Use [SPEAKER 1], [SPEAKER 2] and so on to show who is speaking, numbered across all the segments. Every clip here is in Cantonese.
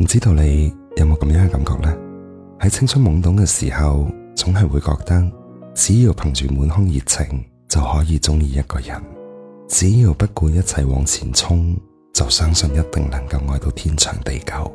[SPEAKER 1] 唔知道你有冇咁樣嘅感覺呢？喺青春懵懂嘅時候，總係會覺得只要憑住滿腔熱情就可以中意一個人，只要不顧一切往前衝，就相信一定能夠愛到天長地久。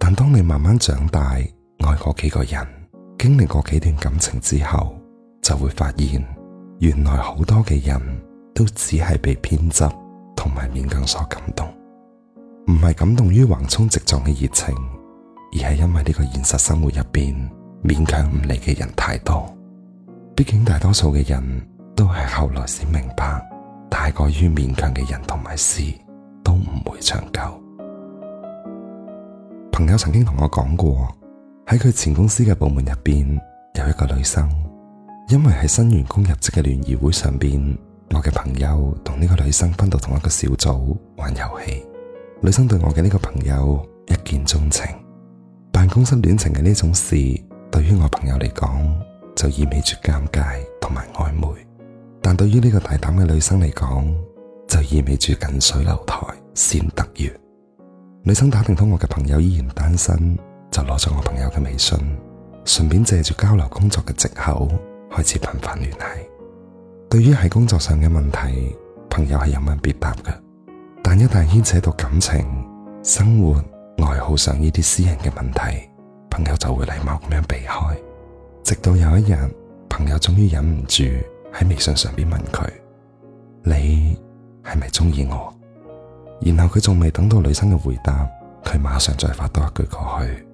[SPEAKER 1] 但當你慢慢長大，愛過幾個人，經歷過幾段感情之後，就會發現原來好多嘅人都只係被偏執同埋勉強所感動。唔係感動於橫衝直撞嘅熱情，而係因為呢個現實生活入邊勉強唔嚟嘅人太多。畢竟大多數嘅人都係後來先明白，太過於勉強嘅人同埋事都唔會長久。朋友曾經同我講過，喺佢前公司嘅部門入邊有一個女生，因為喺新員工入職嘅聯誼會上邊，我嘅朋友同呢個女生分到同一個小組玩遊戲。女生對我嘅呢個朋友一見鍾情，辦公室戀情嘅呢種事，對於我朋友嚟講就意味住尷尬同埋曖昧，但對於呢個大膽嘅女生嚟講就意味住近水樓台先得月。女生打定通，我嘅朋友依然單身，就攞咗我朋友嘅微信，順便借住交流工作嘅藉口，開始頻繁聯繫。對於喺工作上嘅問題，朋友係有問必答嘅。但一旦牽扯到感情、生活、愛好上呢啲私人嘅問題，朋友就會禮貌咁樣避開。直到有一日，朋友終於忍唔住喺微信上邊問佢，你係咪中意我？然後佢仲未等到女生嘅回答，佢馬上再發多一句過去，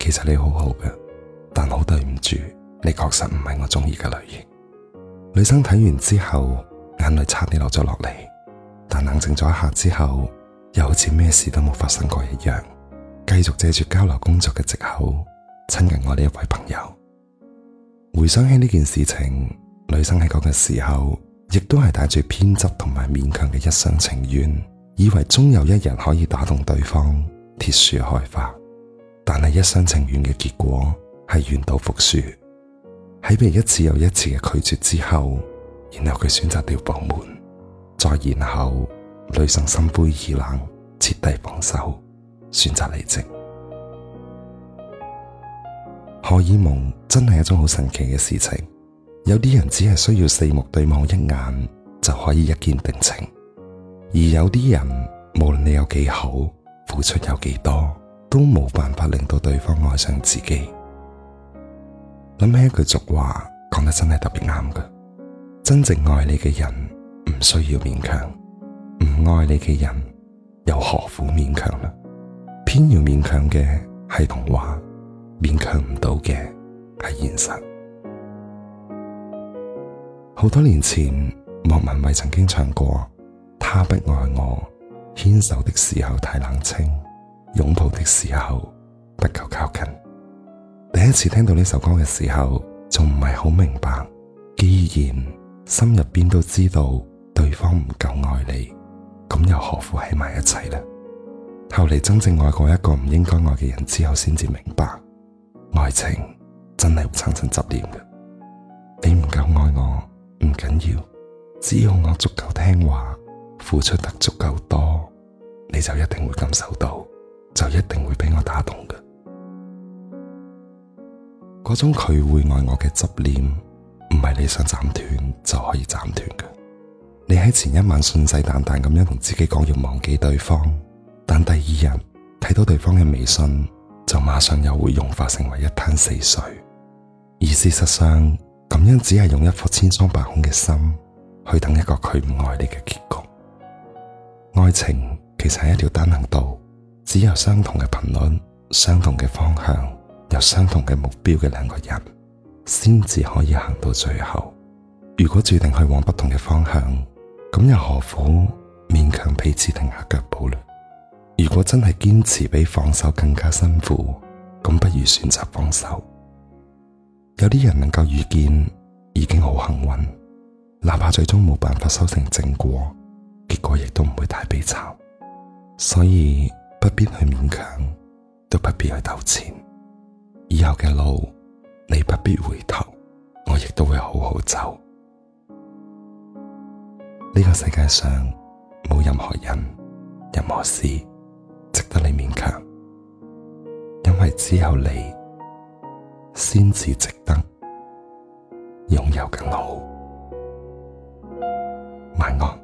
[SPEAKER 1] 其實你好好嘅，但好對唔住，你確實唔係我中意嘅類型。女生睇完之後，眼淚差啲落咗落嚟。但冷靜咗一下之後，又好似咩事都冇發生過一樣，繼續借住交流工作嘅藉口親近我呢一位朋友。回想起呢件事情，女生喺講嘅時候，亦都係帶住偏執同埋勉強嘅一廂情願，以為終有一日可以打動對方，鐵樹開花。但係一廂情願嘅結果係願賭服輸。喺被一次又一次嘅拒絕之後，然後佢選擇掉房門。再然後，女生心灰意冷，徹底放手，選擇離職。荷爾蒙真係一種好神奇嘅事情，有啲人只係需要四目對望一眼就可以一見定情，而有啲人無論你有幾好，付出有幾多，都冇辦法令到對方愛上自己。諗起一句俗話，講得真係特別啱噶，真正愛你嘅人。唔需要勉強，唔愛你嘅人又何苦勉強呢？偏要勉強嘅係童話，勉強唔到嘅係現實。好多年前，莫文蔚曾經唱過《他不愛我》，牽手的時候太冷清，擁抱的時候不夠靠近。第一次聽到呢首歌嘅時候，仲唔係好明白。既然心入邊都知道。對方唔夠愛你，咁又何苦喺埋一齊呢？後嚟真正愛過一個唔應該愛嘅人之後，先至明白愛情真係會產生執念嘅。你唔夠愛我唔緊要，只要我足夠聽話，付出得足夠多，你就一定會感受到，就一定會俾我打動嘅。嗰種佢會愛我嘅執念，唔係你想斬斷就可以斬斷嘅。你喺前一晚信誓旦旦咁樣同自己講，要忘記對方，但第二日睇到對方嘅微信，就馬上又會融化成為一灘死水。而事實上，咁樣只係用一顆千瘡百孔嘅心去等一個佢唔愛你嘅結局。愛情其實係一條單行道，只有相同嘅頻率、相同嘅方向、有相同嘅目標嘅兩個人，先至可以行到最後。如果注定去往不同嘅方向，咁又何苦勉強彼此停下腳步呢？如果真係堅持比放手更加辛苦，咁不如選擇放手。有啲人能夠遇見已經好幸運，哪怕最終冇辦法修成正果，結果亦都唔會太悲慘。所以不必去勉強，都不必去糾纏。以後嘅路你不必回頭，我亦都會好好走。呢個世界上冇任何人、任何事值得你勉強，因為只有你先至值得擁有更好。晚安。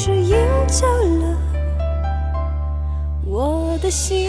[SPEAKER 2] 是贏走了我的心。